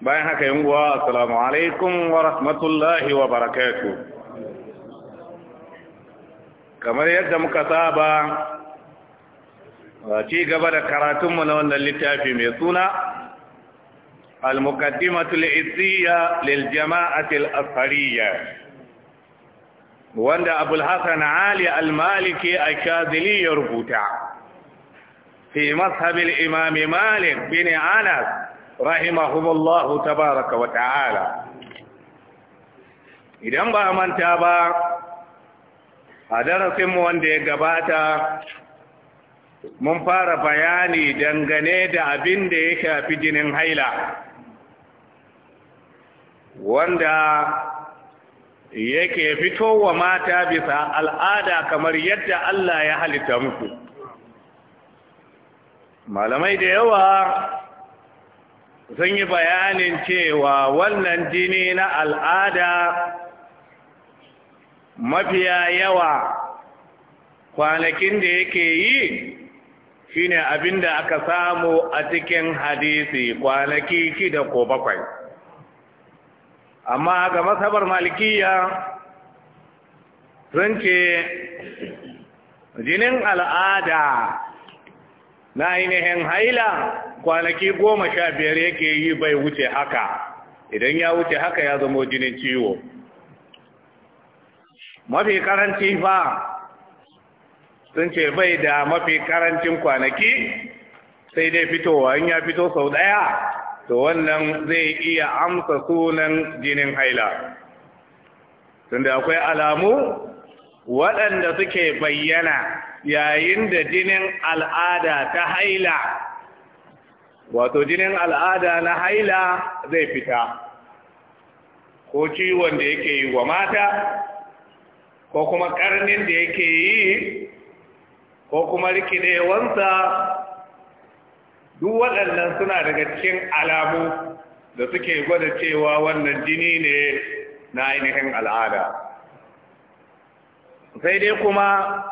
bayan haka yin uwa assalamu alaikum wa rahmatullahi wa barakatu kamar yadda muka saba a ci gaba da karatunmu na wannan littafi mai suna al-muqaddimatul izziya lil jama'atil ashariyya wanda abul hasan ali al-maliki al-shazili ya rubuta fi mazhabil imam malik bin anas rahimahumullahu tabaraka wa ta'ala idan ba manta ba a darasin mu wanda ya gabata mun fara bayani dangane da abin da ya shafi jinin haila wanda yake fitowa mata bisa al'ada kamar yadda Allah ya halitta musu malamai da yawa sun yi bayanin cewa wannan jini na al'ada mafiya yawa kwanakin da yake yi shine abin da aka samu a cikin hadisi kwanaki shida ko bakwai amma ga masabar malikiya sun ce jinin al'ada na ainihin haila kwanaki goma sha biyar yake yi bai wuce haka idan ya wuce haka ya zama jinin ciwo mafi karanci fa sun ce bai da mafi karancin kwanaki sai dai fitowa in ya fito sau daya to wannan zai iya amsa sunan jinin haila tunda akwai alamu waɗanda suke bayyana yayin da jinin al'ada ta haila wato jinin al'ada na haila zai fita ko ciwon da yake yi wa mata ko kuma karnin da yake yi ko kuma rikidewansa duk waɗannan suna daga cikin alamu da suke gwada cewa wannan jini ne na ainihin al'ada sai dai kuma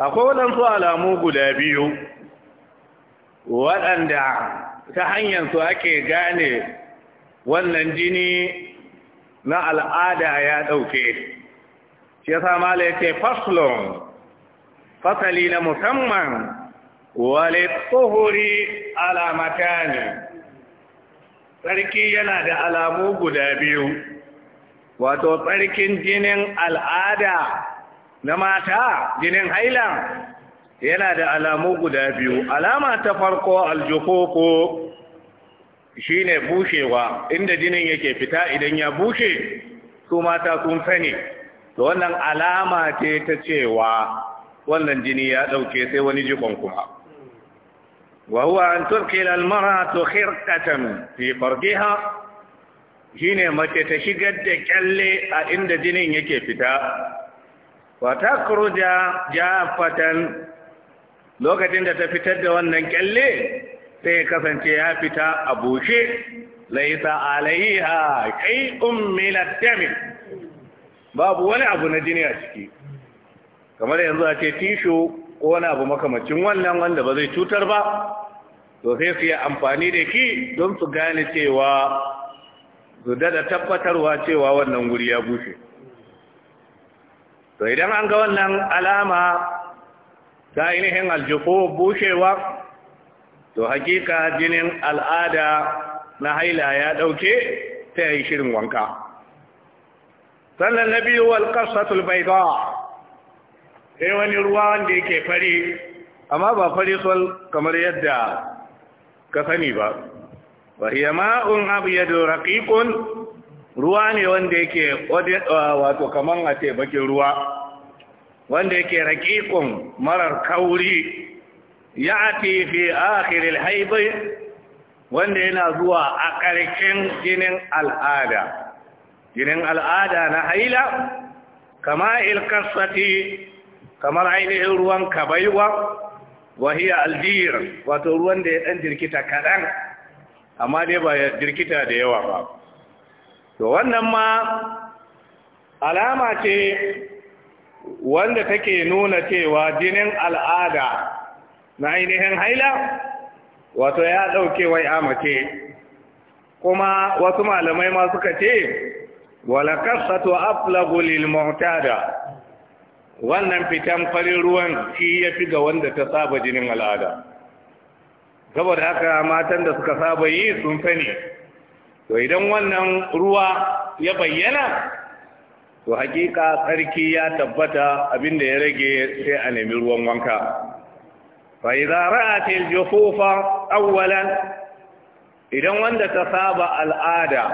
akwai waɗansu alamu guda biyu waɗanda ta hanyar su ake gane wannan jini na al'ada ya ɗauke shi ya sama ce faslon fasali na musamman wale tsohori alamata ne tsarki yana da alamu guda biyu wato tsarkin jinin al'ada na mata jinin haila yana da alamu guda biyu alama ta farko aljuhuku shine bushewa inda jinin yake fita idan ya bushe su mata sun sani to wannan alama ce ta cewa wannan jini ya dauke sai wani jikon kuma wa huwa an turkila maratu khirqatan fi farqiha shine mace ta shigar da kyalle a inda jinin yake fita wa takruja jafatan lokacin da ta fitar da wannan kyalle sai kasance ya fita a bushe laisa alaiha Kai min Damin, babu wani abu na jini a ciki kamar yanzu a ce tisho ko wani abu makamacin wannan wanda ba zai cutar ba to sai su yi amfani da ki don su gane cewa su dada tabbatarwa cewa wannan wuri ya bushe to idan an ga wannan alama ta ainihin aljiko bushewa to hakika jinin al'ada na haila ya ɗauke ta yi shirin wanka sannan na biyu walƙasatul bai ba sai wani ruwa wanda yake fari amma ba fari sol kamar yadda ka sani ba ba hiya ma'un abu yadda raƙiƙun ruwa ne wanda yake wato kamar a ce bakin ruwa wanda yake raƙiƙun marar kauri ya ati fi akirin haibai wanda yana zuwa a ƙarshen jinin al'ada jinin al'ada na haila kama ilkasati kamar ainihin ruwan kabaiwa wahiya aljiyar wato ruwan da ya ɗan jirkita kaɗan amma dai ba jirkita da yawa ba to wannan ma alama ce wanda take nuna cewa jinin al'ada na ainihin haila wato ya ɗauke wai amace kuma wasu malamai ma suka ce wala kasatu aflagu lil mu'tada wannan fitan farin ruwan shi ya fi ga wanda ta saba jinin al'ada saboda haka matan da suka saba yi sun sani to idan wannan ruwa ya bayyana to hakika sarki ya tabbata abinda ya rage sai a nemi ruwan wanka fa idza ra'at al-jufufa awwalan idan wanda ta saba al'ada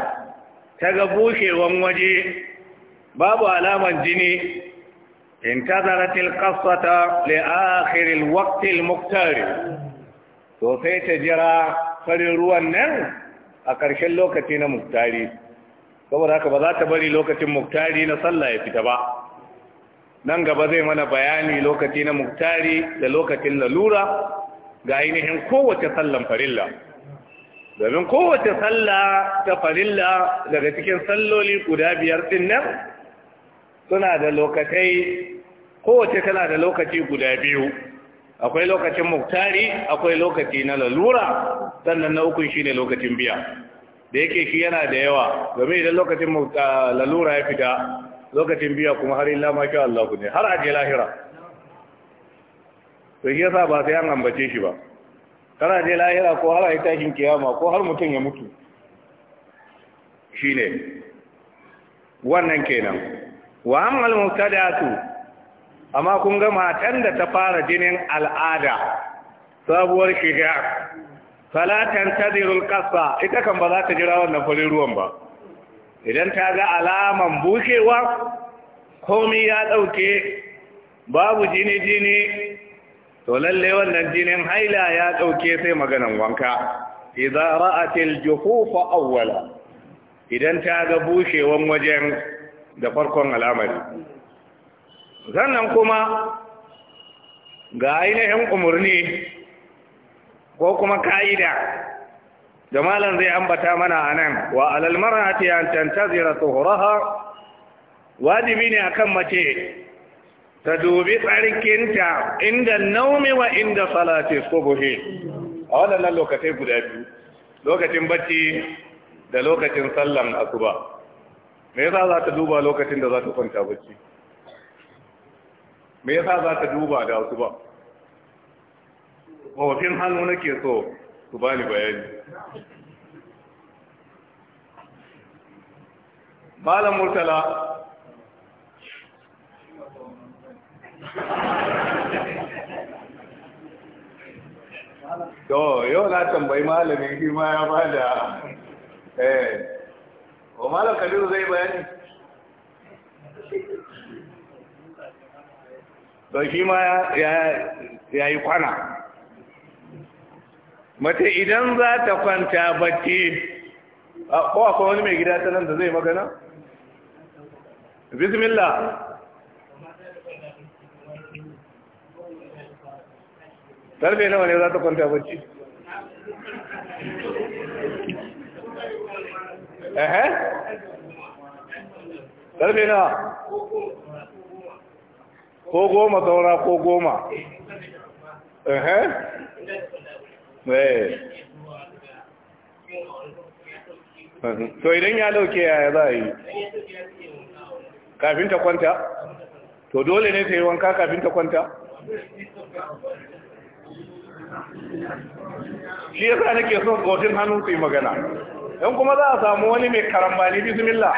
ta ga bushewan waje babu alaman jini intazarat al-qassata li akhir al-waqt al-muqtar to sai ta jira farin ruwan nan a ƙarshen lokaci na muktari saboda haka ba za ta bari lokacin muktari na sallah ya fita ba nan gaba zai mana bayani lokaci na muktari da lokacin lalura ga ainihin kowace sallan farilla domin kowace sallah ta farilla daga cikin salloli guda biyar din nan suna da lokacai kowace tana da lokaci guda biyu akwai lokacin muktari akwai lokaci na lalura sannan na ukun ne lokacin biya da yake shi yana da yawa game idan lokacin lalura ya fita lokacin biya kuma har illa ma kyau Allah ne har aje lahira to shi yasa ba sai an ambace shi ba kana je lahira ko har ayi tashin kiyama ko har mutum ya mutu shine wannan kenan wa amal mubtada'atu amma kun ga matan da ta fara jinin al'ada sabuwar shiga falatan tadirul kasa ita kan ba za ta jira wannan farin ruwan ba idan ta ga alaman bushewa komi ya ɗauke babu jini-jini to lalle wannan jinin haila ya ɗauke sai maganan wanka idan ra'atil juhufa awwala idan ta ga bushewan wajen da farkon al'amari sannan kuma ga ainihin umurni. ko kuma ka'ida da malam zai ambata mana a nan wa alal mar'ati an tantazira tuhuraha wajibi ne akan mace ta dubi tsarkinta inda naumi wa inda salati subuhi a wannan lokacin guda biyu lokacin bacci da lokacin sallan asuba me yasa za ta duba lokacin da za ta kwanta bacci me yasa za ta duba da asuba wafin hannu nake so su bani bayani malam murtala to yau na tambayi malamin shi ma ya bada eh o malam kabiru zai bayani to shi ma ya yi kwana mace idan za ta kwanta bacci A akwai wani mai gida ta nan da zai magana bismillah tarbe nawa ne za ta kwanta bacci ehe tarbe nawa ko goma saura ko goma ehe Eh. to idan ya dauke yaya za a yi kafin ta kwanta to dole ne ta yi wanka kafin ta kwanta shi yasa nake son kotun hannun su yi magana yan kuma za a samu wani mai karambani bismillah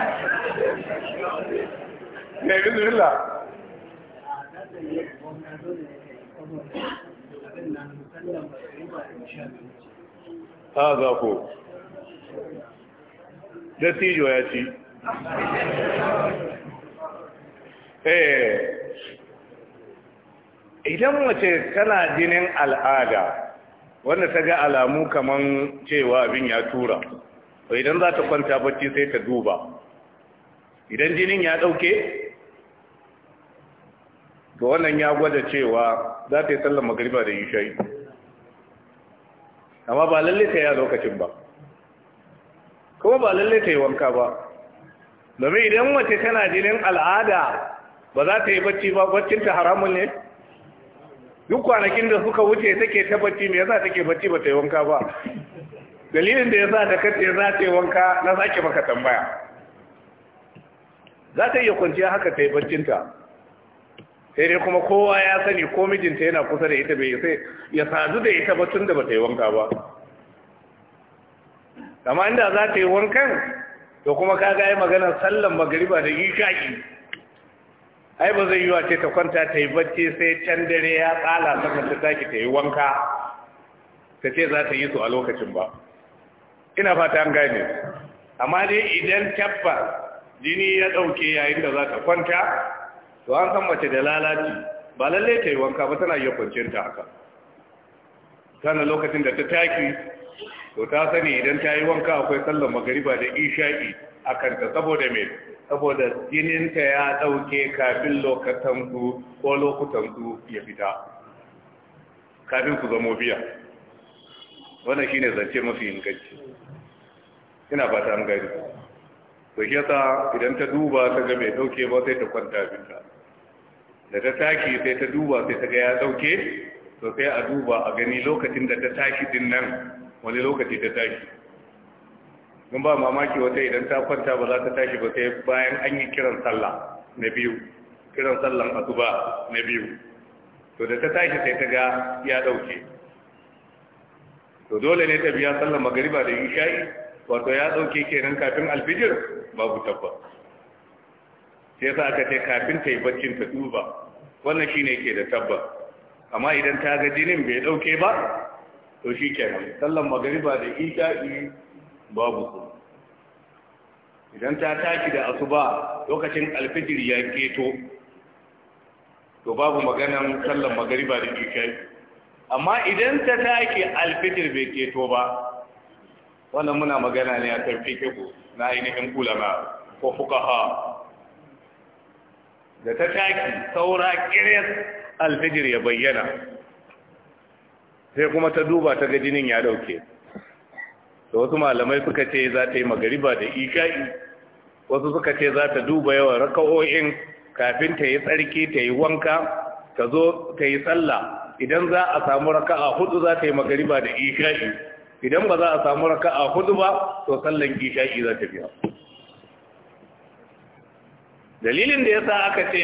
mai eh, bismillah ha za ko dattijo ya ci eh idan mace tana jinin al'ada wanda ta ga alamu kaman cewa abin ya tura to idan za ta kwanta bacci sai ta duba idan jinin ya dauke to wannan ya gwada cewa za ta yi sallar magariba da isha'i amma ba lalle ka yi a lokacin ba kuma ba lalle ka yi wanka ba domin idan mace tana jinin al'ada ba za ta yi bacci ba baccinta haramun ne duk kwanakin da suka wuce take ta bacci me yasa take bacci ba ta yi wanka ba dalilin da yasa da kace za ta yi wanka na sake maka tambaya za ta iya kwanciya haka ta yi baccinta sai dai kuma kowa ya sani ko mijinta yana kusa da ita bai sai ya sadu da ita ba tun da bata yi wanka ba amma inda za ta yi wankan to kuma ka ga yi maganar sallan magariba da isha'i ai ba zai wa ce ta kwanta ta yi bacci sai can dare ya tsala sannan ta taki ta yi wanka ta ce za ta yi su a lokacin ba ina fata an gane amma dai idan tabba jini ya ɗauke yayin da za ta kwanta to an san mace da lalaci ba lalle ta yi wanka ba tana iya kwanciyar ta haka tana lokacin da ta taki to ta sani idan ta yi wanka akwai sallar magariba da isha'i a kanta saboda mai saboda jininta ya ɗauke kafin lokutan su ko lokutan su ya fita kafin su zamo biya wannan shine zance mafi inganci ina ba ta gari to shi idan ta duba ta ga mai dauke ba sai ta kwanta binta da ta tashi sai ta duba sai ta ga ya dauke to sai a duba a gani lokacin da ta tashi din nan wani lokaci ta tashi don ba mamaki wata idan ta kwanta ba za ta tashi ba sai bayan an yi kiran sallah na biyu kiran sallan asuba na biyu to da ta tashi sai ta ga ya dauke to dole ne ta biya sallan magariba da isha'i wato ya dauke kenan kafin alfijir babu tabba. sai yasa aka ce kafin ta yi baccin ta duba wannan shine yake da tabba. amma idan ta ga jinin bai dauke ba to shi kenan sallan magariba da isha'i babu su idan ta tashi da asuba lokacin alfijir ya keto to babu maganan sallan magariba da isha'i amma idan ta tashi alfijir bai keto ba wannan muna magana ne a kan fikihu na ainihin ulama ko fukaha da ta taki saura kiris alfijir ya bayyana sai kuma ta duba ta ga jinin ya dauke da wasu malamai suka ce za ta yi magariba da isha'i wasu suka ce za ta duba yawan raka'o'in kafin ta yi tsarki ta yi wanka ta zo ta yi sallah idan za a samu raka'a hudu za ta yi magariba da isha'i idan ba za a samu raka'a hudu ba to sallan isha'i za ta biya dalilin da yasa aka ce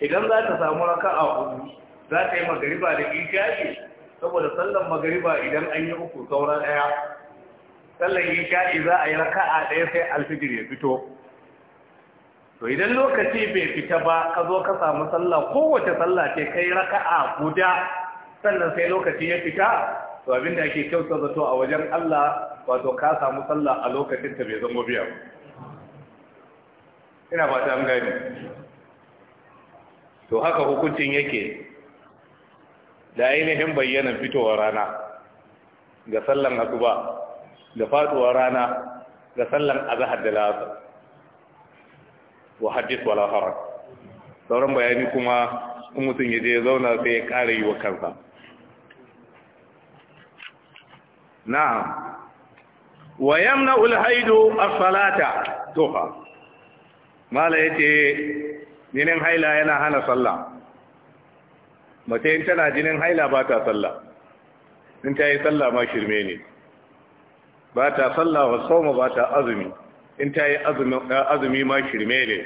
idan za ta samu raka'a hudu za ta yi magariba da isha'i saboda sallan magariba idan an yi uku saura daya sallan isha'i za a yi raka'a daya sai alfijir ya fito to idan lokaci bai fita ba ka zo ka samu sallah kowace sallah ce kai raka'a guda sannan sai lokaci ya fita to abin da ake kyauta zato a wajen Allah wato ka samu sallah a lokacin ta bai zango biya ina ba ta gani to haka hukuncin yake da ainihin bayyana fitowar rana ga sallan asuba da faduwar rana ga sallan azhar da lasa wa hadith wala haraj sauran bayani kuma in mutum ya je ya zauna sai ya kare yi kansa na'am wa yamna ulhaidu as-salata tofa mala yace jinin haila yana hana sallah mace in tana jinin haila ba ta sallah in ta yi sallah ma ne ba ta sallah wa sauma ba ta azumi in ta yi azumi ma ne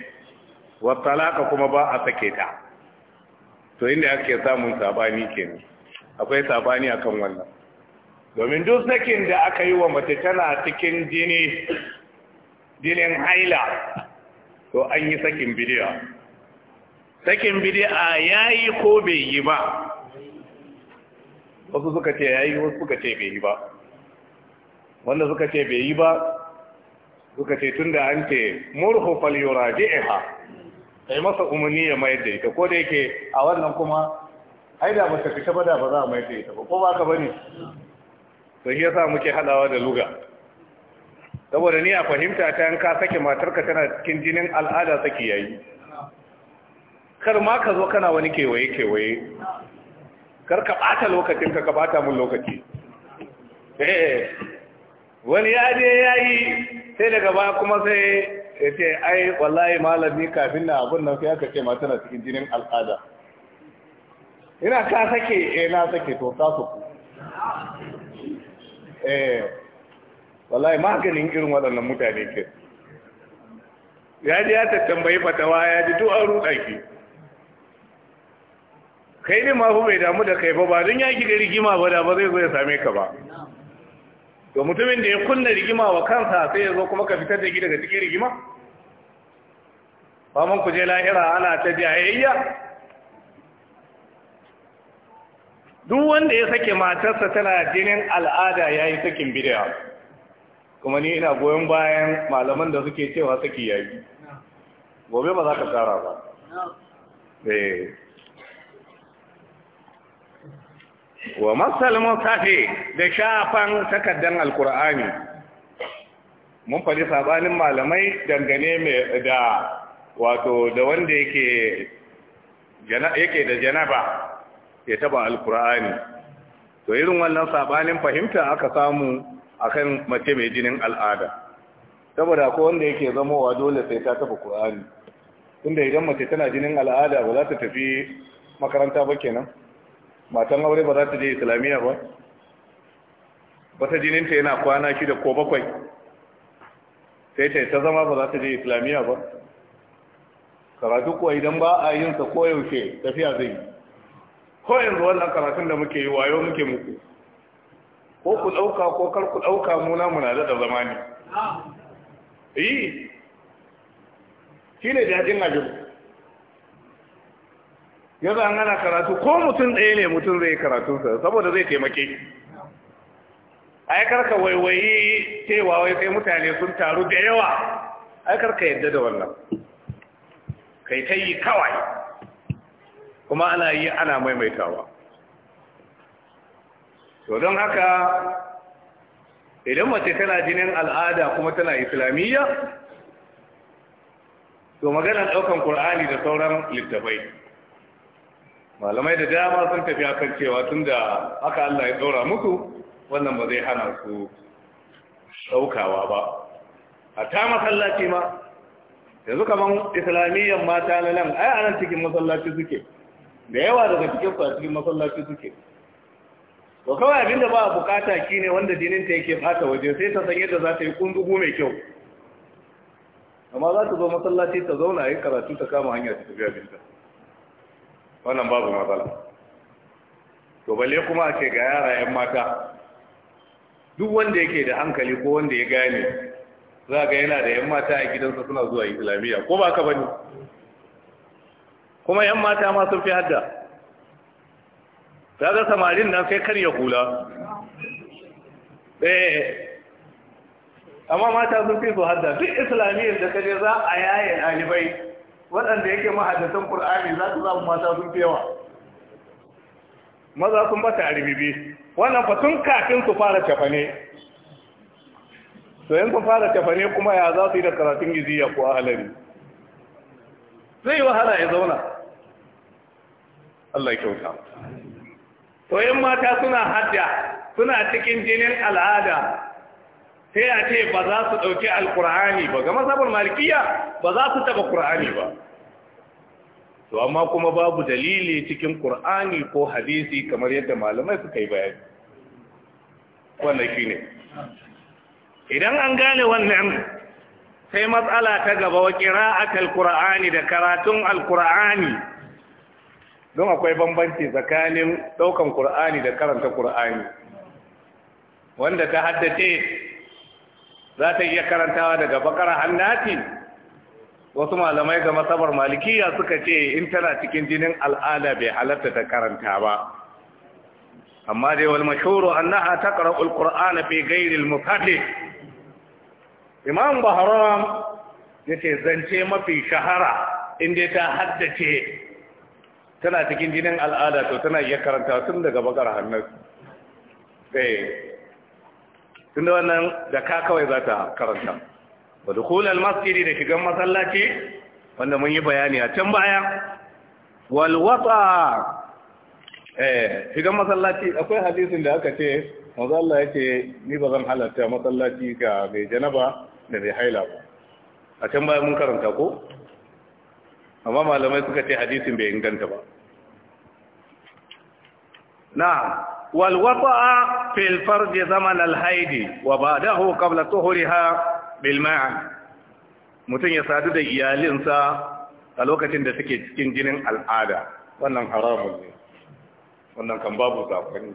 wa talaka kuma ba a sake ta to inda ake samun sabani kenan akwai sabani akan wannan domin duk da aka yi wa mace tana cikin jini jinin haila to an yi sakin bidiya sakin bidiya ya yi ko bai yi ba wasu suka ce ya yi wasu suka ce bai yi ba wanda suka ce bai yi ba suka ce tun da an ce murhu falyura ji'iha sai masa umarni ya mayar da ita ko da yake a wannan kuma ai da ba ta fita ba da ba za a mayar da ita ba ko ba ka bane to shi yasa muke hadawa da luga saboda ni a fahimta ta yanka sake matarka tana cikin jinin al'ada saki yayi kar ma ka zo kana wani kewaye kewaye kar ka bata lokacin ka ka bata mun lokaci eh wani ya je yayi sai daga ba kuma sai ya ce ai wallahi malami kafin na abun nan sai aka ce ma tana cikin jinin al'ada ina ka sake eh na sake to ka so eh wallahi maganin irin waɗannan mutane ke ya ji ya tattambayi fatawa ya ji to an ruɗa ki kai ne ma bai damu da kai ba ba don yaki da rigima ba da ba zai zo ya same ka ba to mutumin da ya kunna rigima wa kansa sai ya zo kuma ka fitar da ki daga cikin rigima faman ku je lahira ana ta jayayya duk wanda ya sake matarsa tana jinin al'ada ya yi sakin bidiya kuma ni ina goyon bayan malaman da suke cewa saki ya yi gobe ba za ka tsara ba eh. wa matsalin mutafi da shafan takardar alkur'ani mun faɗi sabanin malamai dangane da wato da wanda yake da janaba ya taba alkur'ani to irin wannan sabanin fahimta aka samu akan mace mai jinin al'ada saboda ko wanda yake zamowa dole sai ta tafi qur'ani tunda idan mace tana jinin al'ada ba za ta tafi makaranta ba kenan matan aure ba za ta je islamiyya ba wata jininta yana kwana shida ko bakwai sai ta ta zama ba za ta je islamiyya ba karatu kuwa idan ba a yinsa koyaushe tafiya zai yi ko yanzu wannan karatun da muke yi wayo muke muku ko ku ɗauka ko kar ku ɗauka muna muna da zama ne yi shi ne daɗin abin yanzu an gana karatu ko mutum ɗaya ne mutum zai karatunsa saboda zai taimake ai karka waiwayi cewa wai sai mutane sun taru da yawa ai karka yadda da wannan kai ta yi kawai kuma ana yi ana maimaitawa to don haka idan mace tana jinin al'ada kuma tana islamiyya to maganar daukan qur'ani da sauran littafai malamai da dama sun tafi akan cewa tunda haka Allah ya daura muku wannan ba zai hana su daukawa ba a ta masallaci ma yanzu kamar islamiyyan mata na nan ai anan cikin masallaci suke da yawa daga cikin su cikin masallaci suke to kawai abin da ba a bukata kine wanda jinin ta yake bata waje sai ta san yadda za ta yi kundugu mai kyau amma za ta zo masallaci ta zauna yi karatu ta kama hanya ta tafi abinta wannan babu matsala to balle kuma a ce ga yara 'yan mata duk wanda yake da hankali ko wanda ya gane za ga yana da 'yan mata a gidansa suna zuwa islamiyya ko ba ka bane kuma yan mata ma sun fi hadda ta ga samarin nan sai ya hula eh amma mata sun fi su hadda duk islamiyyar da kaje za a yaye ɗalibai waɗanda yake mahaddatan ƙur'ani za su samu mata sun fi yawa maza sun bata a ribibi wannan fa tun kafin su fara cafane to yan sun fara cafane kuma ya za su yi da karatun ya kuwa halari zai yi wahala ya zauna Allah kyauta to mata suna hadda suna cikin jinin al'ada sai a ce ba za su ɗauki alkur'ani ba ga sabon malikiya ba za su taɓa ƙur'ani ba to amma kuma babu dalili cikin ƙur'ani ko hadisi kamar yadda malamai suka yi bayan. wannan shi ne idan an gane wannan sai matsala ta gaba wa ƙira'at alkur'ani da karatun alkur'ani don akwai bambanci tsakanin ɗaukan ƙur'ani da karanta ƙur'ani wanda ta haddace za ta iya karantawa daga bakara hannati wasu malamai ga masabar malikiya suka ce in tana cikin jinin al'ada bai halatta ta karanta ba amma dai wal mashuru annaha taqra'ul qur'ana fi ghayri al imam bahram yace zance mafi shahara inda ta haddace tana cikin jinin al'ada to tana iya karanta tun daga bakar hannun eh tun da wannan da ka kawai za ta karanta wa dukhulal masjidi da shigan masallaci wanda mun yi bayani a can baya walwata eh, shigan masallaci akwai hadisin da aka ce mazalla Allah ce ni ba zan halatta masallaci ga mai janaba da mai haila ba a can baya mun karanta ko amma malamai suka ce hadisin bai inganta ba na والوطأ في الفرج wa ba'dahu qabla قبل bil ma'a mutum ya sadu da iyalinsa a lokacin da suke cikin jinin al'ada wannan haramun ne wannan kan babu zafani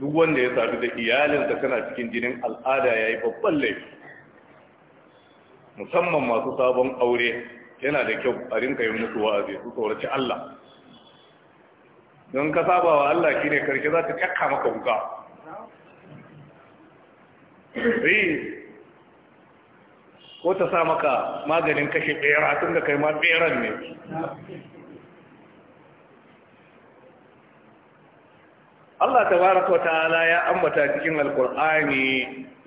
duk wanda ya sadu da iyalinsa tana cikin jinin al'ada ya yi babban laifi musamman masu sabon aure yana da kyau a rinka yin musu wa'azi su tsoraci Allah don ka saba wa Allah ne karshe za ta cakka maka wuka ko ta sa maka maganin kashe bera tun da kai ma beran ne Allah baraka wa ta'ala ya ambata cikin alkur'ani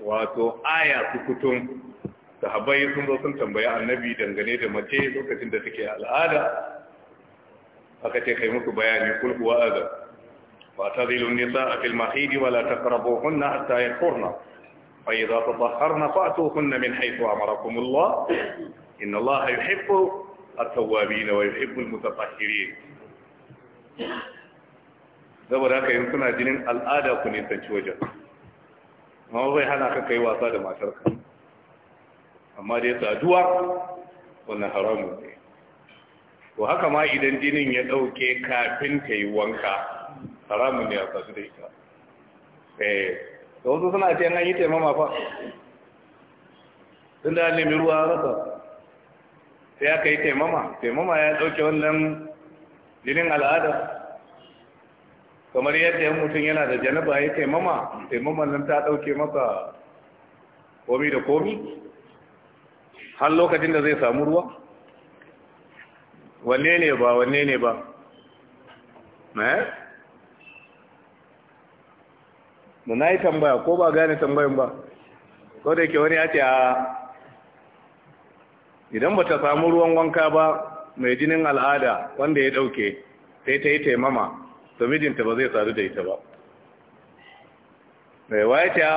wato aya sukutun sahabbai sun zo sun tambaya annabi dangane da mace lokacin da take al'ada aka ce kai muku bayani kulku wa azab wa tadhilu nisa nisaa fil mahid wa la taqrabuhunna hatta yahurna fa idha tatahharna fa'tuhunna min haythu amarakum Allah inna Allah yuhibbu at-tawwabin wa yuhibbu al-mutatahhirin saboda haka yin suna jinin al'ada ku ne tsanci wajen ma bai hana ka kai wasa da matarka amma dai saduwa wannan haramun ne to haka ma idan jinin ya ɗauke kafin ta yi wanka haramun ne a kasu da ita eh da wasu suna ce an yi taimama fa tun da nemi ruwa rasa sai aka yi taimama taimama ya ɗauke wannan jinin al'ada kamar yadda yan mutum yana da janaba ya taimama taimaman nan ta ɗauke masa komi da komi har lokacin da zai samu ruwa wanne ne ba wanne ne ba eh mu na yi tambaya ko ba gane tambayin ba ko da yake wani ya ce a idan ba ta samu ruwan wanka ba mai jinin al'ada wanda ya dauke, sai ta yi taimama to mijinta ba zai sadu da ita ba mai eh, waye ce a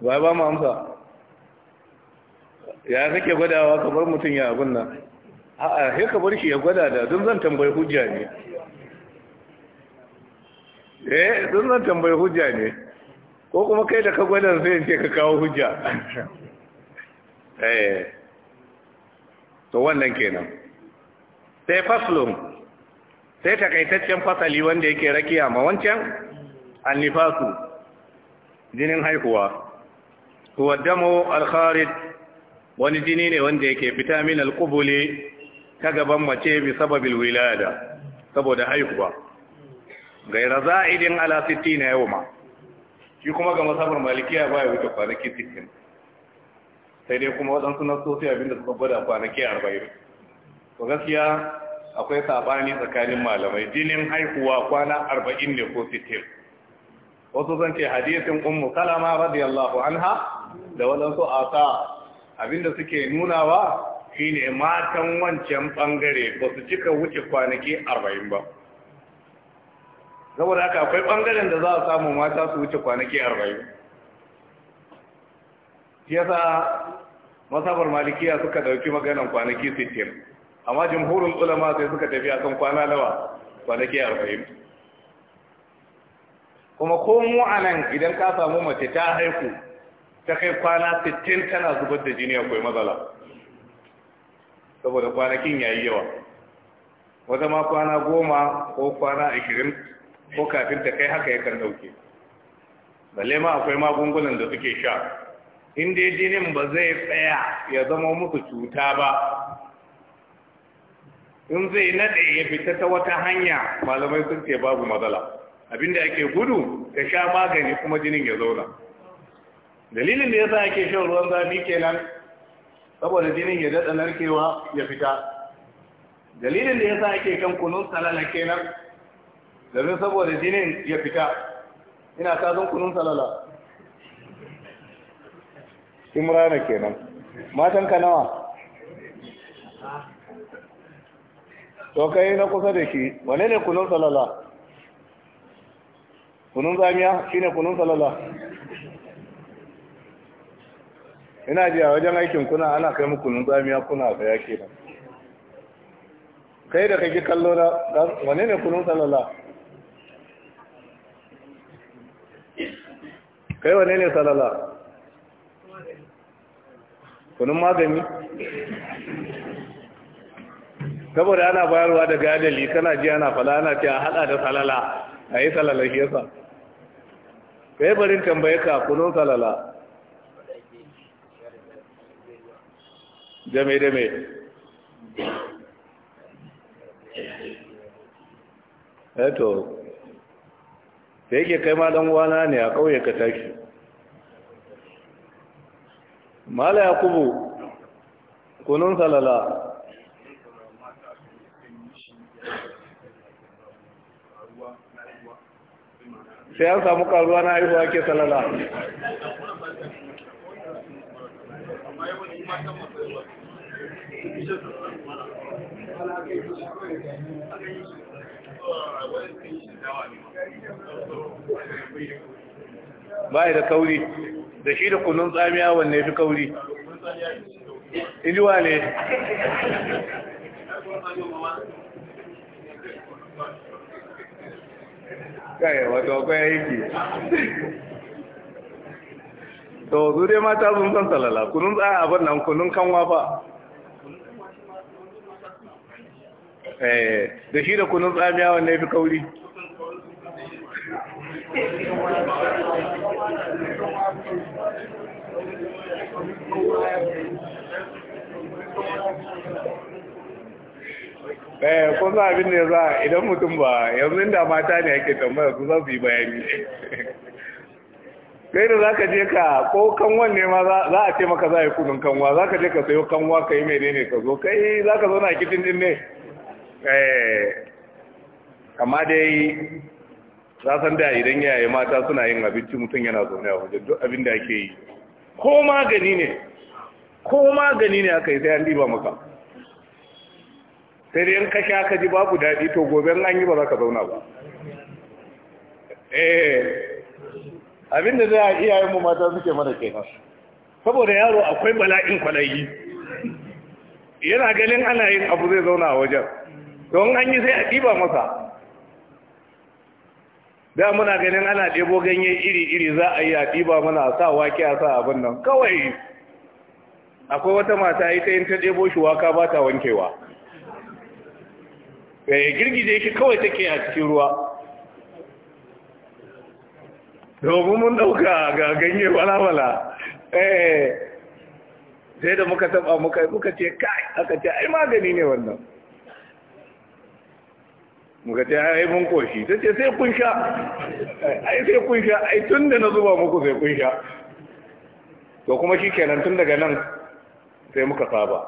ba ba mu amsa ya kake gwadawa kamar mutum ya abin nan a'a sai ka bar shi ya gwada da don zan tambayi hujja ne eh don zan tambayi hujja ne ko kuma kai da ka gwada sai in ce ka kawo hujja eh to wannan kenan sai faslun sai takaitaccen fasali wanda yake rakiya ma wancan annifasu jinin haihuwa huwa damu al-kharij wani jini ne wanda yake fita min alqubuli ta gaban mace bi sababil wilada saboda haihuwa gaira za'idin ala 60 yawma shi kuma ga masabar malikiya baya wuce kwanaki 60 sai dai kuma waɗansu na sosai abinda suka gwada kwanaki 40 to gaskiya akwai sabani tsakanin malamai jinin haihuwa kwana 40 ne ko 60 wasu zan ce hadisin ummu salama radiyallahu anha da waɗansu asa abinda suke nunawa shine matan wancan bangare ba su cika wuce kwanaki arba'in ba saboda haka akwai bangaren da za a samu mata su wuce kwanaki arba'in yasa masabar malikiya suka dauki maganan kwanaki 60 amma jumhurul ulama sai suka tafi akan kwana nawa kwanaki 40 kuma ko mu anan idan ka samu mace ta haiku ta kai kwana sittin tana zubar da jini akwai matsala saboda kwanakin yayi yawa wata ma kwana goma ko kwana ashirin ko kafin ta kai haka yakan dauke balle ma akwai magungunan da suke sha in dai jinin ba zai tsaya ya zama musu cuta ba in zai nade ya fita ta wata hanya malamai sun ce babu matsala abinda ake gudu ya sha magani kuma jinin ya zauna dalilin da ya sa ake shan ruwan zafi kenan saboda jinin ya daɗa narkewa ya fita dalilin da ya sa ake kan kunun salala kenan domin saboda jinin ya fita ina kazan kunun salala imrana kenan matan ka nawa to kai na kusa da shi wane ne kunun salala kunun zamiya shine kunun salala ina ji a wajen aikin kuna ana kai muku nunzamiya kuna ga yake nan kai da kake kallo da, wane ne kunun salala kai wane ne salala kunun magani saboda ana bayarwa da adali kana ji ana fala ana ce a hada da salala a yi salala shi yasa kai barin tambaye ka kunun salala da mai da mai eto eh, da yake kai ma dan wana ne a kauye ka tashi mala yakubu kunun salala sai an samu karuwa na haihuwa ke salala bai da kauri da shi da kunun tsamiya wanne fi kauri iliwa ne kai wato akwai yake to zure mata sun san salala kunun tsaya abin nan kunun kanwa fa Eh, da shi da kunun tsamiya wanda ya fi kauri eh ko za abin da za idan mutum ba yanzu da mata ne ake tambaya su za su yi bayani kai da za ka je ka ko kanwa ne ma za a ce maka za a yi kunun kanwa za ka je ka sayo kanwa ka yi mai ne ka zo kai za ka zo na kitin din ne Eh, kama dai san da idan yaye mata suna yin abinci mutum yana zaune a wajen duk abin da ake yi ko magani ne ko magani ne aka yi sai an diba maka sai dai in ka sha ji babu daɗi to gobe an yi ba za ka zauna ba eh abin da za a iyayenmu mata suke mana ke. saboda yaro akwai bala'in kwanayi yana ganin ana yin abu zai zauna a wajen don an yi sai a ɗiba masa da muna ganin ana ɗebo ganye iri-iri za a yi a ɗiba mana a sa wake a sa abin nan kawai akwai wata mata yi ta yin ta ɗebo shi waka ba ta wankewa ya eh, girgije shi kawai take a cikin ruwa domin mun ɗauka ga ganye wala-wala eh, sai da muka taba muka ce kai aka ce ai magani ne wannan muka ce ai mun koshi ta ce sai kun sha ai sai kun sha ai tun da na zuba muku sai kun sha to kuma shi kenan tun daga nan sai muka saba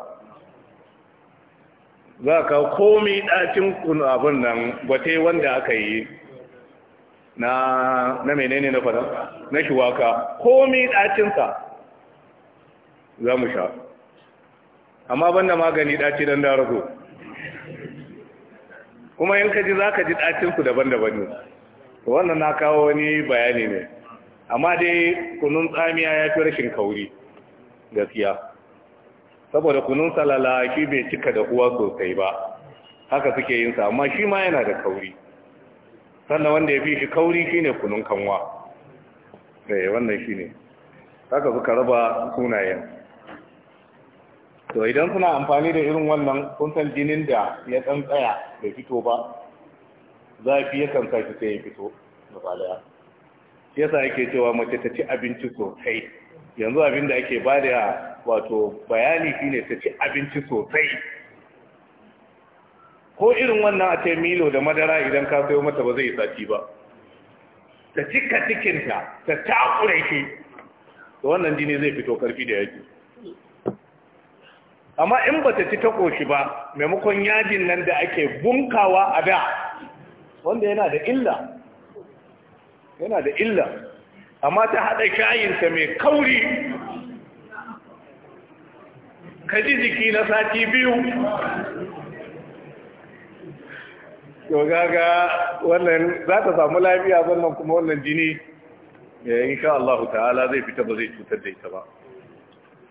za ka komi ɗacin abin nan gwate wanda aka yi na na menene na fada na shiwaka komi ɗacinsa za mu sha amma banda magani ɗaci don rago kuma in ka ji za ka ji ɗacinsu daban-daban ne wannan na kawo wani bayani ne amma dai kunun tsamiya ya fi rashin kauri gaskiya saboda kunun salala shi bai cika da uwa sosai ba haka suke yin sa amma shi ma yana da kauri sannan wanda ya fi shi kauri shine kunun kanwa eh wannan shi ne haka suka raba sunayen to idan suna amfani da irin wannan kun san jinin da ya dan tsaya bai fito ba zafi ya kan saki sai ya fito gaba daya shi yasa yake cewa mace ta ci abinci sosai yanzu abin da ake bada wato bayani shine ta ci abinci sosai ko irin wannan a ce milo da madara idan ka sayo mata ba zai sati ba ta cika cikinta ta takure shi to wannan jini zai fito karfi da yake. amma in ba ta ci ta ƙoshi ba maimakon yajin nan da ake bunkawa a da wanda yana da illa yana da illa amma ta haɗa shayinta mai kauri ka ji jiki na sati biyu yau gaga wannan za ta samu lafiya wannan kuma wannan jini ya eh, insha Allah ta'ala zai fita ba zai cutar da ita ba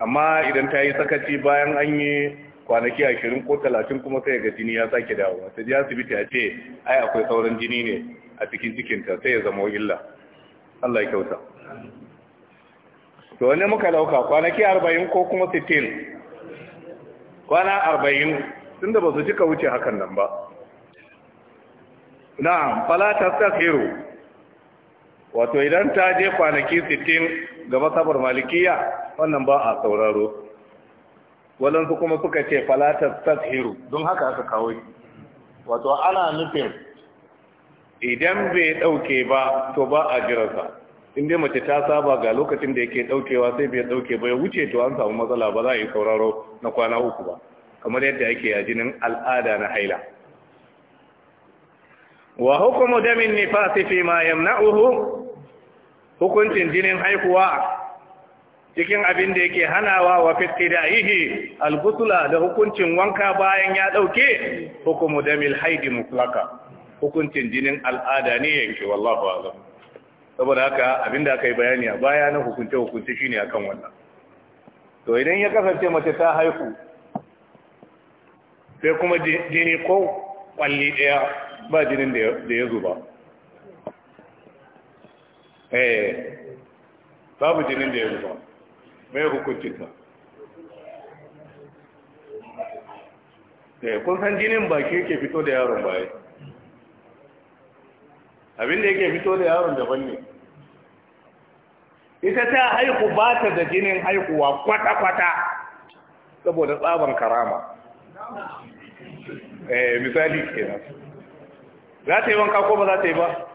amma idan ta yi sakaci bayan an yi kwanaki ashirin ko talatin kuma sai ga jini ya sake dawowa ta ji asibiti a ce ai akwai sauran jini ne a cikin cikinta sai ya zama illa Allah ya kyauta to wani muka dauka kwanaki arba'in ko kuma sittin kwana arba'in tunda ba su cika wuce hakan nan ba na'am fala tastaghfiru wato idan ta je kwanaki 60 ga masabar malikiya wannan ba a sauraro walansu kuma suka ce falatar tashiru don haka aka kawo shi wato ana nufin idan bai dauke ba to ba a jirasa inda mace ta saba ga lokacin da yake daukewa, sai bai dauke ba ya wuce to an samu matsala ba za a yi sauraro na kwana uku ba kamar yadda ake yajinin al'ada na haila wa hukumu damin nifasi fi ma yamna'uhu hukuncin jinin haihuwa cikin abin da yake hanawa wa da al-ghusla da hukuncin wanka bayan ya dauke hukumu damil haidi mutlaka hukuncin jinin al'ada ne yake wallahu alam saboda haka da aka yi bayani a baya na hukunce hukunce shine akan wannan to idan ya kasance mace ta haihu sai kuma jini ko kwalli ɗaya ba jinin da ya zuba eh babu jinin da ya zuba mai hukuncinsa eh, kun san jinin baki yake fito da yaron baya abin da yake fito da yaron daban ne ita ta haiku ba ta da jinin haikuwa kwata-kwata saboda tsaban karama eh misali kenan za ta yi wanka ko ba za ta yi ba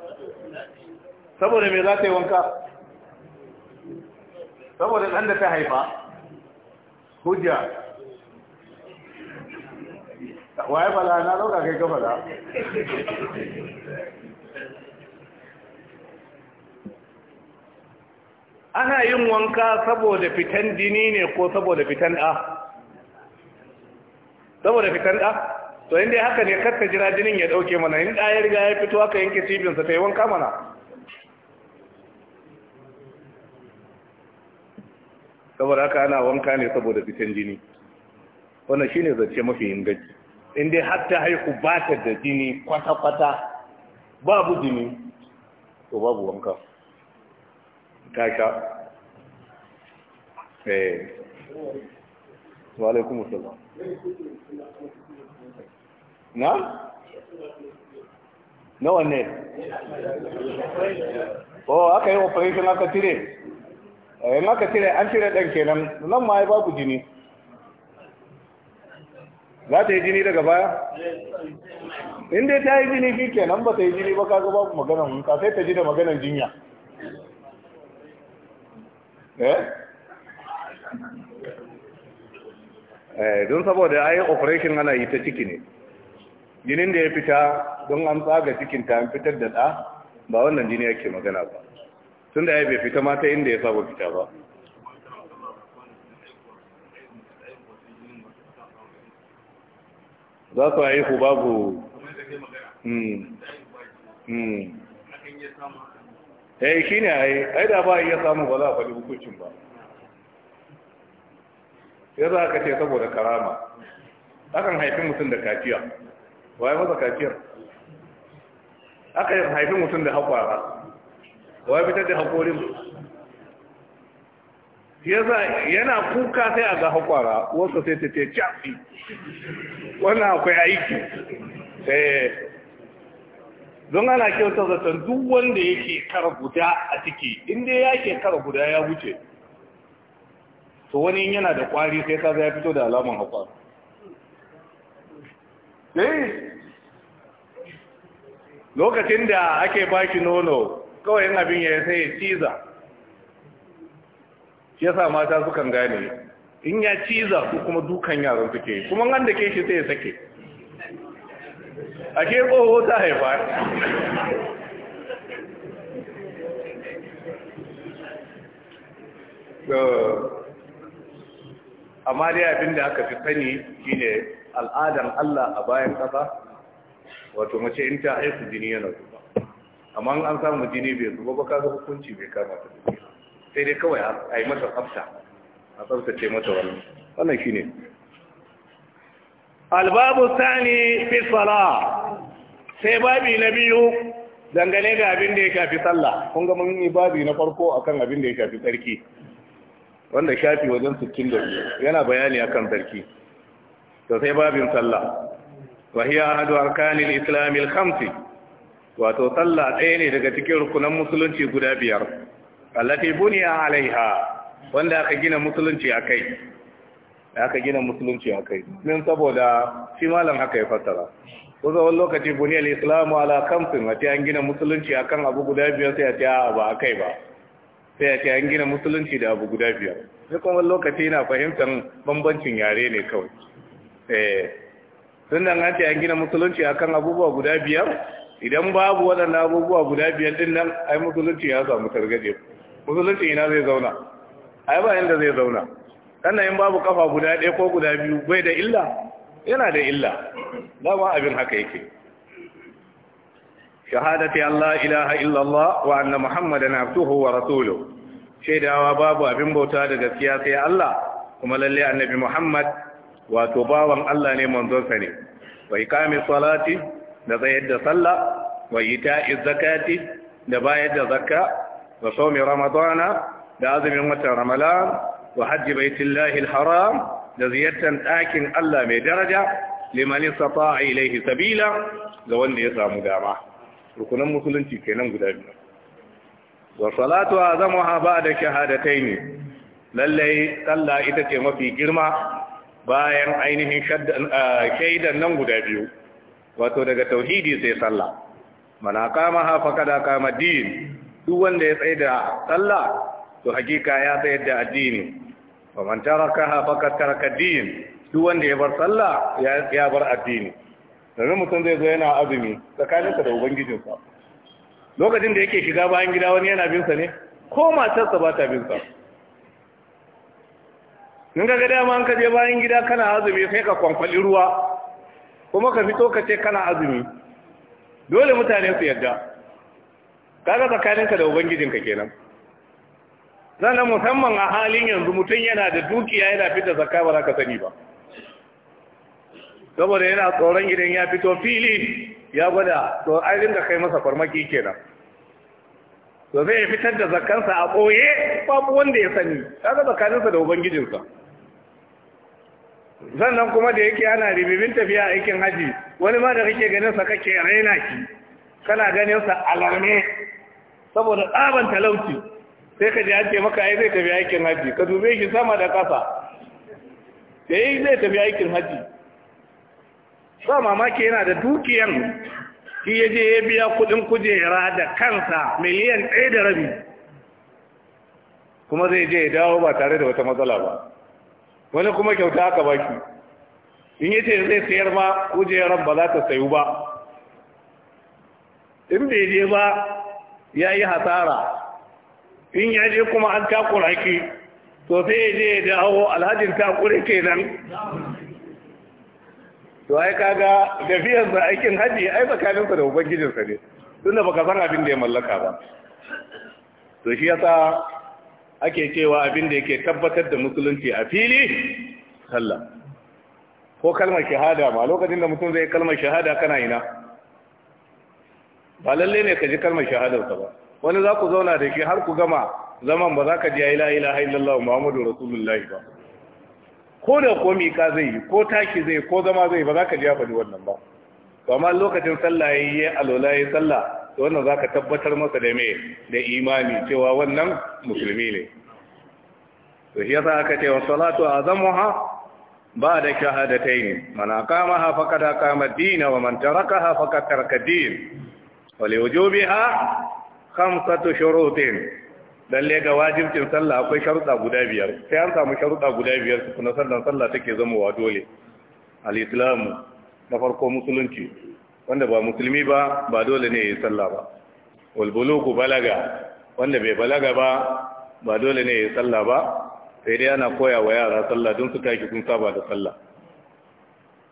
saboda me za ta yi wanka saboda ɗan da ta haifa hujja waye bala na ɗauka kai da ana yin wanka saboda fitan jini ne ko saboda fitan ɗa saboda fitan ɗa to inda haka ne karka jira jinin ya ɗauke mana in ɗaya ya riga ya fito haka yanke cibinsa ta yi wanka mana saboda haka ana wanka ne saboda fitan jini wannan shine zance mafi inganci inda hatta ta haihu ba ta da jini kwata-kwata babu jini to babu wanka ta sha eh na nawa ne oh aka yi operation aka tire Eh, in aka cire an cire ɗan kenan nan ma ya babu jini za ta yi jini daga baya in dai ta yi jini fi kenan ba ta yi jini ba kaga babu maganan ka sai ta ji da maganan jinya eh? eh don saboda ai operation ana yi ta ciki ne jinin da ya fita don an tsaga cikin ta an fitar da ɗa ba wannan jini yake magana ba tun da ya bai fita mata inda ya saba fita ba za su haihu babu ya hmm, yi hmm. eh, shi ne a yi ai da ba a iya samun ba za a faɗi hukuncin ba ya za a ce saboda karama akan haifi mutum da kaciya waye masa kaciyar akan haifin mutum da haƙwara wai fitar da haƙorin yasa yana kuka sai a ga haƙwara wasu sai ta ce cafi wannan akwai aiki eh. don ana kyautar zaton duk wanda yake kara guda a ciki inda ya ke kara guda ya wuce to wani yana da kwari sai kaza ya fito da alamun haƙwara eh. lokacin da ake baki nono kawai in abin ya sai ya ciza shi yasa mata sukan gane in ya ciza su kuma dukan yaran suke kuma an da ke shi sai ya sake a ke tsoho ta haifa amma dai abin da aka fi sani shine al'adar Allah a bayan ƙasa wato mace in ta haifu jini yana zuba amma an samu jini bai zuba ba kaga hukunci bai kama ta sai dai kawai a yi mata tsafta a tsaftace mata wannan wannan shine albabu sani fi sala sai babi na biyu dangane da abin da ya shafi sallah kun ga mun yi babi na farko akan abin da ya shafi tsarki wanda shafi wajen 62 yana bayani akan tsarki to sai babin sallah wa hiya ahadu arkanil islamil khamsi wato sallah ɗaya ne daga cikin rukunan musulunci guda biyar allati buniya alaiha wanda aka gina musulunci a Da aka gina musulunci a kai. min saboda shi malam haka ya fassara ko zaman lokaci buniyar islamu ala kamsin a an gina musulunci akan abu guda biyar sai a ce a ba a kai ba sai a ce an gina musulunci da abu guda biyar sai kuma lokaci na fahimtar bambancin yare ne kawai eh nan an ce an gina musulunci akan abubuwa guda biyar idan babu waɗannan abubuwa guda biyar din nan ai musulunci ya samu targaje. musulunci ina zai zauna ai ba yanda zai zauna sannan in babu kafa guda ɗaya ko guda biyu bai da illa yana da illa dama abin haka yake shahadati Allah ilaha illallah wa anna muhammadan abduhu wa rasuluhu shaidawa babu abin bauta da gaskiya sai Allah kuma lalle annabi Muhammad wato bawan Allah ne manzonsa ne bai kame salati da tsayar da sallah wa ita'iz zakati da bayar da zakka wa sawmi ramadana da azumin watan ramadan wa hajji baitillahi alharam da ziyartar ɗakin Allah mai daraja liman istata'a ilayhi sabila ga wanda ya samu dama rukunan musulunci kenan guda biyu wa salatu azamuha ba'da ne. lallai sallah ita ce mafi girma bayan ainihin ah, shaidan nan guda biyu wato daga tauhidi sai sallah mana kama ha kada kama din duk wanda ya tsaya da sallah to hakika ya tsaya da addini wa man tarakaha faqad taraka din duk wanda ya bar sallah ya ya bar addini dan mutum zai zo yana azumi tsakaninsa da ubangijinsa lokacin da yake shiga bayan gida wani yana bin sa ne ko matarsa ba ta bin sa in ga dama an kaje bayan gida kana azumi sai ka kwankwali ruwa kuma ka fito ka ce kana azumi dole mutane su yadda kaga tsakaninka da ubangijinka kenan sannan musamman a halin yanzu mutum yana da dukiya yana fita zakka ba za ka sani ba saboda yana tsoron idan ya fito fili ya gwada to an dinga kai masa farmaki kenan to zai fitar da zakkansa a ɓoye babu wanda ya sani kaga tsakaninsa da ubangijinsa sannan kuma da yake ana ribibin tafiya a aikin haji wani ma da kake ganin sa kake raina ki kana ganin sa alarme saboda tsaban talauci sai ka ji an ce maka ai zai tafi aikin haji ka dube shi sama da kasa sai eh, zai tafi aikin haji ba mamaki yana da dukiyan shi ya je ya biya kudin kujera da kansa miliyan ɗaya da rabi kuma zai je ya dawo ba tare da wata matsala ba wani kuma kyauta aka baki. In in yace zai sayar ma kujerar ba za ta sayu ba in bai je ba ya yi hasara in ya je kuma an takura ki to sai ya je ya dawo alhajin ke kenan to ai kaga tafiyar da aikin haji ai tsakaninsa da ubangijinsa ne tunda baka san abin da ya mallaka ba to shi yasa ake cewa abin da yake tabbatar da musulunci a fili sallah ko kalmar shahada ma lokacin da mutum zai kalmar shahada kana ina ba lalle ne ka ji kalmar shahadarsa ba wani za ku zauna da shi har ku gama zaman ba za ka ji la ilaha illallah muhammadu rasulullahi ba ko da ko miƙa zai yi ko tashi zai ko zama zai ba za ka ji ya faɗi wannan ba amma lokacin sallah yayi alola yayi sallah to za ka tabbatar masa da mai da imani cewa wannan musulmi ne to shi yasa aka ce wa salatu azamuha بعد شهادتين من أقامها فقد أقام hafaka ومن تركها فقد ترك الدين ولوجوبها خمسة Dan le ga wajibcin sallah akwai sharuɗa guda biyar sai an samu sharuɗa guda biyar su kuna sallan sallah take wa dole al-islam na farko musulunci wanda ba musulmi ba ba dole ne ya yi sallah ba walbuluku balaga wanda bai balaga ba ba dole ne ya yi sallah ba sai dai ana koya wa yara sallah don su taki sun saba da sallah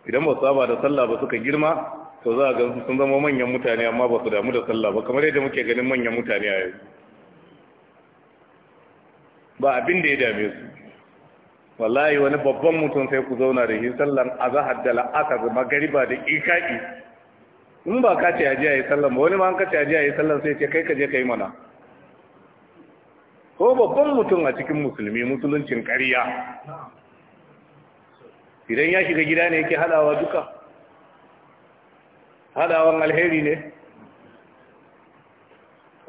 idan ba su saba da sallah ba suka girma to za a ga sun zama manyan mutane amma ba su damu da sallah ba kamar yadda muke ganin manyan mutane a yanzu ba abin da ya dame su wallahi wani babban mutum sai ku zauna da shi sallan azahar da la'asar magariba da ika'i in ba ka ce a ji a yi sallan ba wani ma an ka ce a ji a yi sallan sai ce kai ka je ka yi mana ko babban mutum a cikin musulmi musuluncin ƙarya idan ya shiga gida ne yake hadawa duka hadawan alheri ne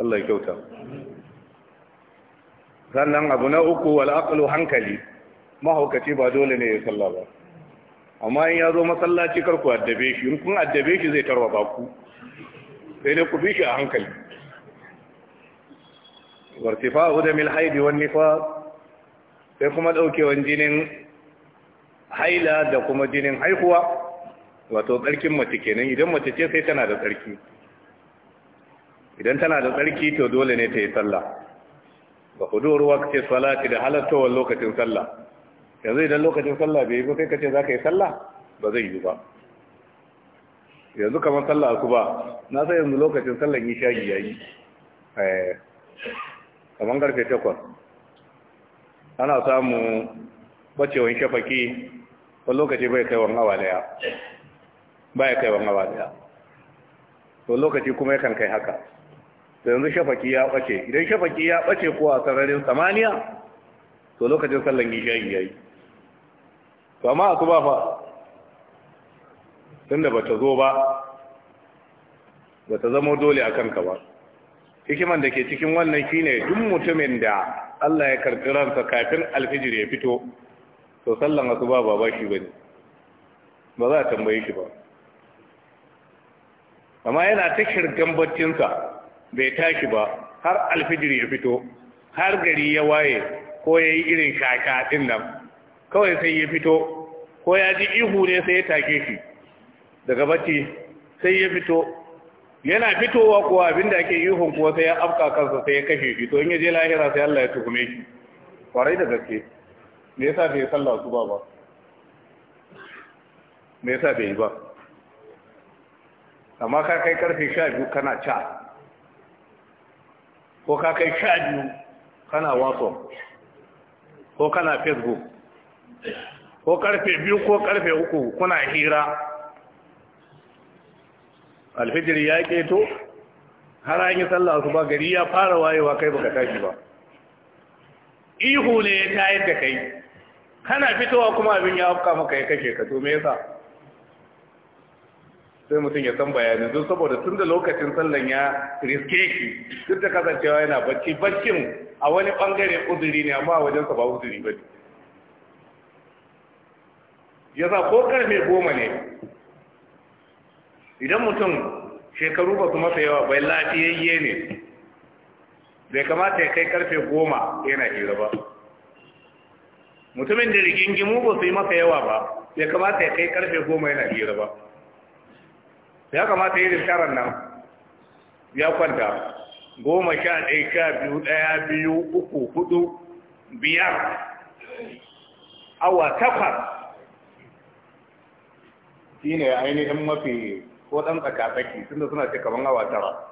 Allah kyauta sannan abu na uku wal'aƙalu hankali mahaukaci ba dole ne ya salla ba amma in ya zo masallaci kar ku addabe shi in kun addabe shi zai ba ku sai dai ku bi shi a hankali wartifa'u da mil haidi wan nifas sai kuma daukewan jinin haila da kuma jinin haihuwa wato tsarkin mace kenan idan mace ce sai tana da tsarki idan tana da tsarki to dole ne ta yi sallah ba ku duwar wakacin salati da halattowar lokacin sallah yanzu idan lokacin sallah bai yi ba kai ka ce za ka yi sallah ba zai yi ba yanzu kamar sallah su ba na sai yanzu lokacin sallan yi shagi ya yi eh, kamar garfe takwas ana samu bacewan shafaki wani lokaci bai kaiwan awa daya bai kaiwan awa daya to lokaci kuma yakan kai haka to yanzu shafaki ya bace idan shafaki ya bace kuwa sararin samaniya to lokacin sallan yi shagi ya yi to amma asuba fa tunda bata zo ba bata zama dole a kanka ba hikiman da ke cikin wannan shine duk mutumin da Allah ya karɓi ransa kafin alfijir ya fito to sallan asuba ba ba shi ne ba za a tambaye shi ba amma yana ta shirgan baccinsa bai tashi ba har alfijir ya fito har gari ya waye ko ya yi irin shaka din nan kawai sai ya fito ko ya ji ihu ne sai ya take shi daga bacci sai ya fito yana fitowa kuwa da ake ihun kuwa sai ya afka kansa sai ya kashe shi to in ya je lahira sai Allah ya tuhume shi kwarai da gaske me yasa bai sallah su ba ba me yasa bai yi ba amma ka kai karfe sha biyu kana ca ko ka kai sha biyu kana wato? ko kana facebook ko karfe biyu ko karfe uku kuna hira alfijir ya keto har an yi sallah su ba gari ya fara wayewa kai baka tashi ba ihu ne ya tayar da kai kana fitowa kuma abin ya afka maka ya kashe ka to me yasa sai mutum ya san bayanin don saboda tun da lokacin sallan ya riske shi, duk da kasancewa yana bacci baccin a wani bangare uzuri ne amma wajen wajensa ba uzuri ba ne ya za ko karfe goma ne idan mutum shekaru ba su masa yawa bai lafiyayye ne bai kamata ya kai karfe goma yana hira ba mutumin da rigingimu ba su yi masa yawa ba ya kamata ya kai karfe goma yana hira ba ya kamata yi risharar nan ya kwanta goma sha ɗaya sha biyu ɗaya biyu uku hudu biyar awa takwas shi ne ainihin mafi ko ɗan tsakatsaki tunda suna ce kamar awa tara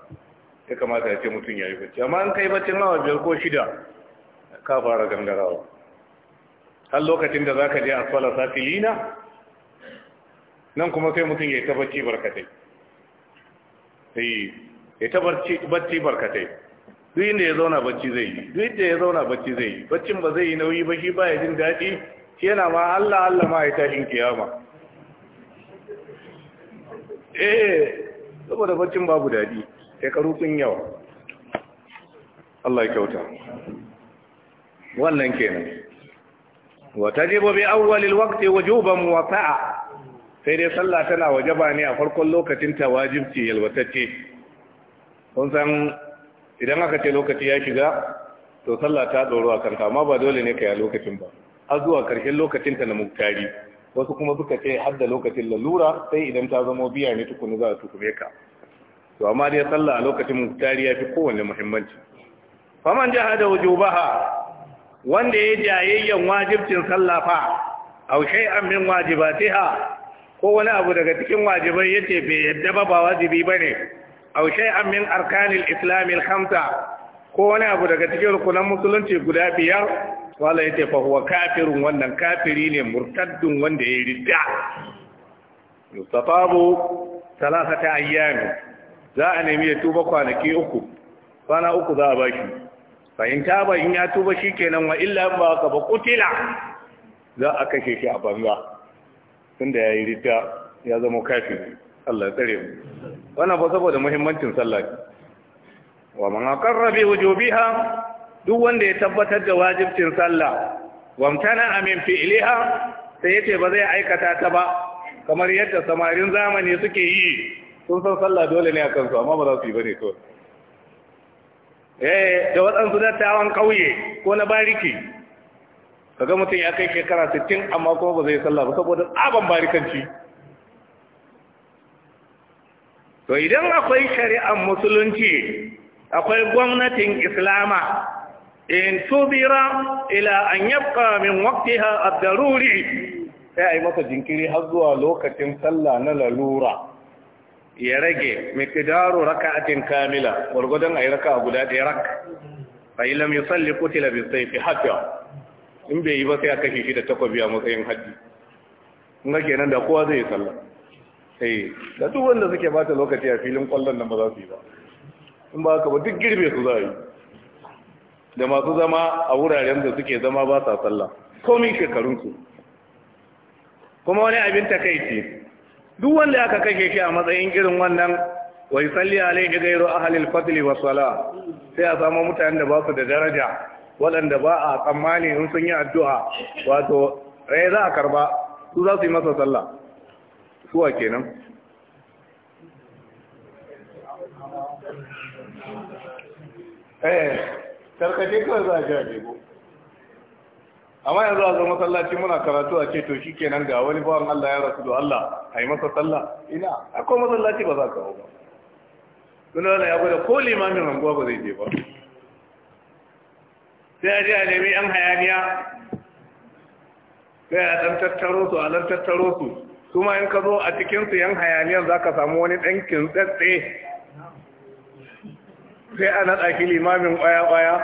ya kamata ya ce mutum ya yi bacci amma an kai baccin awa biyar ko shida ka fara gangarawa har lokacin da za ka je asfala tsala safilina nan kuma sai mutum ya yi ta bacci barkatai ya ta bacci barkatai duk inda ya zauna bacci zai yi duk inda ya zauna bacci zai yi baccin ba zai yi nauyi ba shi ba ya jin daɗi shi yana ma Allah Allah ma ya tashin kiyama eh saboda baccin babu daɗi shekaru sun yawa Allah kyauta wannan kenan wa tajibu bi awwalil waqti wujuban wa sa'a sai dai sallah tana wajaba ne a farkon lokacin ta wajibi yalwatacce kun san idan aka ce lokaci ya shiga to sallah ta doro akan kanka amma ba dole ne kai a lokacin ba har zuwa karshen lokacin ta na muktari wasu kuma suka ce har da lokacin lalura sai idan ta zama biya ne tukuni za a tukume ka to amma dai sallah a lokacin muktari ya fi kowanne muhimmanci faman jaha da wujubaha wanda ya jayayyan wajibcin sallah fa aw shay'an min wajibatiha ko wani abu daga cikin wajibai yace bai yadda ba ba wajibi bane aw shay'an min arkanil islamil khamsa ko wani abu daga cikin rukunan musulunci guda biyar wala ya ce huwa kafirin wannan kafiri ne murtaddun wanda ya yi ridda yustatabu thalathata ayyami. za a nemi ya tuba kwanaki uku kwana uku za a ba shi. in ba in ya tuba shi kenan wa illa ba ka ba za a kashe shi a banza tunda yi ridda ya zama kafiri Allah tsare mu wannan ba saboda muhimmancin sallah wa man aqarra bi wujubiha duk wanda ya tabbatar da wajibcin sallah wamtana amin iliha sai yace ba zai aikata ta ba kamar yadda samarin zamani suke yi sun san sallah dole ne a kansu amma ba za su yi bane to eh da waɗansu dattawan ƙauye ko na bariki kaga mutum ya kai shekara 60 amma kuma ba zai sallah ba saboda tsaban barikanci to idan akwai shari'ar musulunci akwai gwamnatin islama in tubira ila an yabka min waqtiha ad-daruri sai ai masa jinkiri har zuwa lokacin sallah na lalura ya rage miqdaru raka'atin kamila gurgudan ai raka'a guda ɗaya rak fa illam yusalli qutila bi sayfi hatta in bai yi ba sai aka kashe shi da takobi a matsayin haji in ga kenan da kowa zai yi sallah eh da duk wanda suke bata lokaci a filin kwallon nan ba za su yi ba in ba haka ba duk girbe su za yi da masu zama a wuraren da suke zama ba sa sallah komin shekarunsu kuma wani abin ta takaici duk wanda aka kashe shi a matsayin irin wannan wai salli alaihi gairu ahlil fadli wa sala sai a samu mutanen da ba su da daraja waɗanda ba a tsammani in sun yi addu'a wato rai za a karba su za su yi masa sallah suwa kenan eh Karkace kawai za a ji a jego amma yanzu a zo masallaci muna karatu a ce to shi kenan ga wani bawan Allah ya rasu da Allah a yi masa sallah ina akwai masallaci ba za ka hau ba suna wani ya gwada ko limamin ranguwa ba zai je ba sai a je a nemi yan hayaniya sai a dan tattaro su a dan tattaro su kuma in ka zo a cikinsu yan hayaniyan za ka samu wani ɗan kintsatse sai ana haɗa limamin ƙwaya-ƙwaya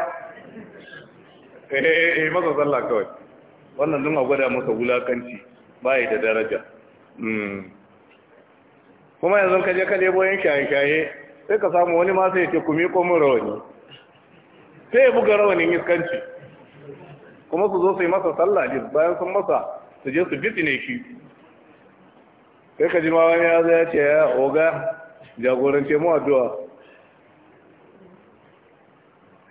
eh, eh, eh masa sallah kawai wannan don a gwada masa wulakanci bayi da daraja hmm. kuma yanzu ka je ka shaye-shaye sai ka samu wani masu yake ya ce kumi komin rawani sai ya buga rawanin iskanci kuma su zo su yi masa sallah bayan sun masa su je su bitine shi sai ka ji ma wani ya zai ya ce ya oga jagorance mu addu'a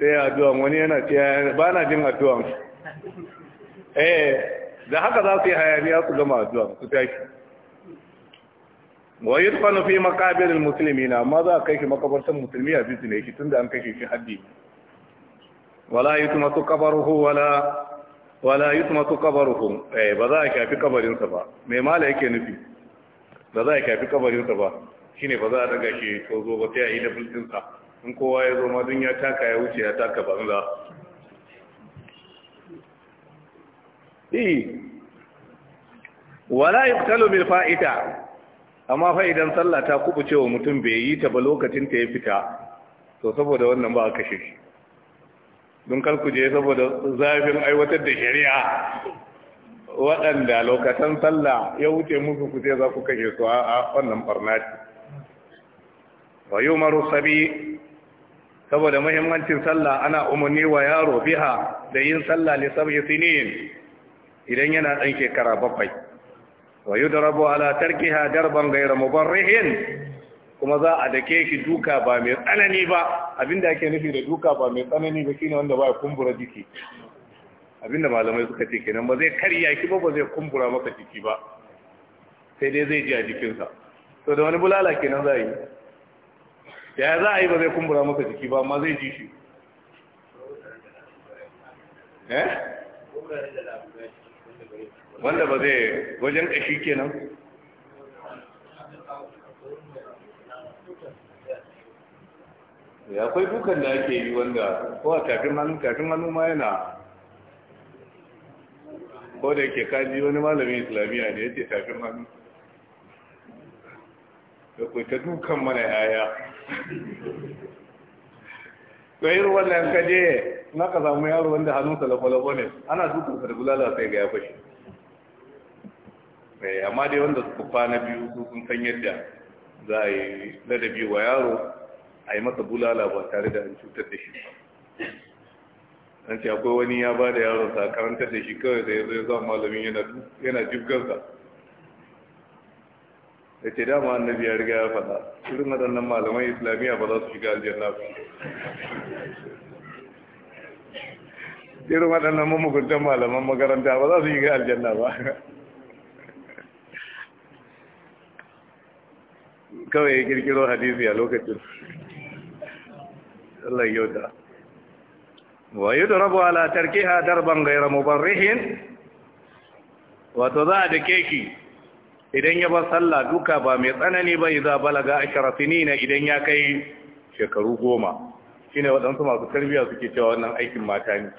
sai addu'an wani yana ce ba na jin addu'an eh da haka za su yi hayaniya su gama addu'an su tashi wa yudfanu fi musulmi almuslimina amma za a kai shi makabartan musulmi a bizne shi tunda an kashe shi haddi wala yutmatu qabruhu wala wala yutmatu qabruhu eh ba za a shafi kabarin ba me mala yake nufi ba za a shafi kabarin ba. Shi ne ba za a daga shi ko zo ba sai a yi da bultin in kowa ya zo madun ya taka ya wuce ya taka banza ɗi wala yuktalu bil fa'ita amma fa idan sallah ta kubuce cewa mutum bai yi ta ba lokacin ta ya fita to saboda wannan ba a kashe shi don kalkuje saboda zafin aiwatar da shari'a waɗanda lokacin sallah ya wuce musu ku ce za ku kashe su a wannan barnati wa yumaru sabi saboda muhimmancin sallah ana umarni wa yaro biha da yin sallah li sab'i sinin idan yana dan shekara bakwai wa yudrabu ala tarkiha darban ghayra mubarrihin kuma za a dake shi duka ba mai tsanani ba abinda ake nufi da duka ba mai tsanani ba shine wanda ba ya kumbura jiki abinda malamai suka ce kenan ba zai karya ki ba ba zai kumbura maka jiki ba sai dai zai ji a jikinsa to da wani bulala kenan za a yi ya za a yi ba zai kumbura maka jiki ba amma zai ji shi eh? wanda ba zai wajen ƙashi kenan ya akwai dukan da ake yi wanda kowa tafin hannu tafin hannu ma yana ko da ke kaji wani malamin islamiyya ne ya ce tafin hannu da ku ta dukan mana yaya to irin wannan kaje na ka samu yaro wanda hannunsa lafalafo ne ana dukan sa da bulala sai ga ya fashe eh, amma dai wanda suka kwana biyu su sun san yadda za a yi ladabi wa yaro a yi masa bulala ba tare da an cutar da shi an ce akwai wani ya ba da yaro sa karantar da shi kawai da ya zai zama malamin yana jibgarsa da ce dama annabi ya riga ya faɗa irin waɗannan malaman islamiyya ba za su shiga aljanna ba irin waɗannan mamukuntan malaman makaranta ba za su shiga aljanna ba kawai ya kirkiro hadisi a lokacin Allah yauda wa yudrabu ala tarkiha darban ghayra mubarrihin wato za a da keki. idan ya bar sallah duka ba mai tsanani ba idza balaga ashara na idan ya kai shekaru goma shine waɗansu masu tarbiyya suke cewa wannan aikin mata ne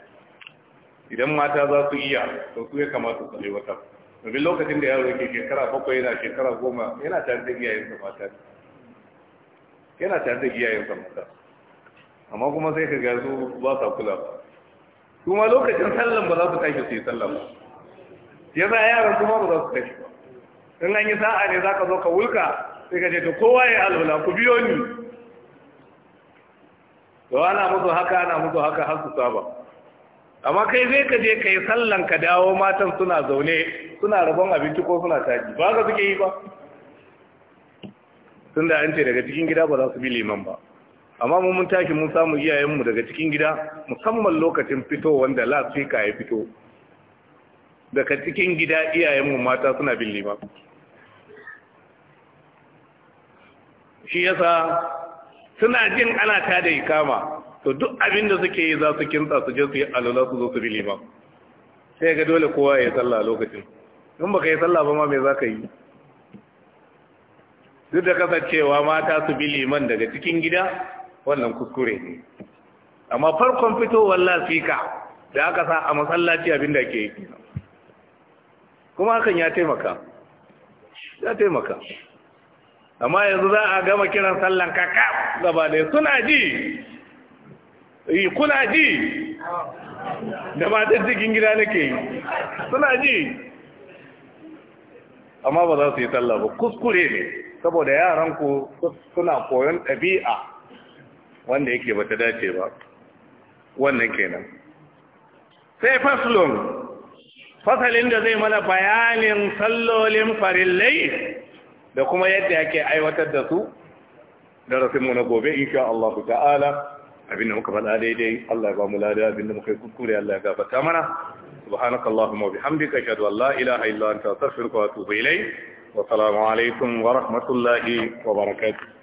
idan mata za su iya to su ya kamata su wata. domin lokacin da yaro ke shekara bakwai yana shekara goma yana tare da iyayensa mata yana tare da iyayensa mata amma kuma sai ka ga su ba sa kula ba kuma lokacin sallan ba za su tashi su yi sallan ba yasa yaran kuma ba za su tashi ba in an yi sa'a ne za ka zo ka wulka sai ka ce to kowa ya alwala ku biyo ni to ana musu haka ana musu haka har su saba amma kai zai ka je kai sallan ka dawo matan suna zaune suna rabon abinci ko suna taji ba ka suke yi ba tun da an ce daga cikin gida ba za su bi liman ba amma mun mun tashi mun samu iyayenmu daga cikin gida musamman lokacin fito wanda lafika ya fito daga cikin gida iyayenmu mata suna bin liman shi yasa suna jin ana ta da ikama to duk abin da suke yi za su kinta su je su yi alula su zo su bi ba sai ga dole kowa ya yi sallah a lokacin in baka yi sallah ba ma me za ka yi duk da kasancewa mata su bi liman daga cikin gida wannan kuskure ne amma farkon fitowar lafika da aka sa a masallaci abin da ke yi kuma hakan ya taimaka ya taimaka amma yanzu za a gama kiran sallan kaka gaba ne suna ji eh, kuna ji da matan cikin gida nake yi suna ji amma ba za su yi sallah ba kuskure ne saboda yaranku suna koyon ɗabi'a wanda yake ba ta dace ba wannan kenan sai faslun fasalin da zai mana bayanin sallolin farillai da kuma yadda yake aiwatar da su darasinmu na gobe insha Allah ta'ala abinda muka faɗa daidai Allah ya ba mu lada abinda muka yi kuskure Allah ya gafarta mana subhanaka allahumma wa bihamdika ashhadu an la ilaha illa anta astaghfiruka wa atubu ilayk wa assalamu alaikum wa rahmatullahi wa barakatuh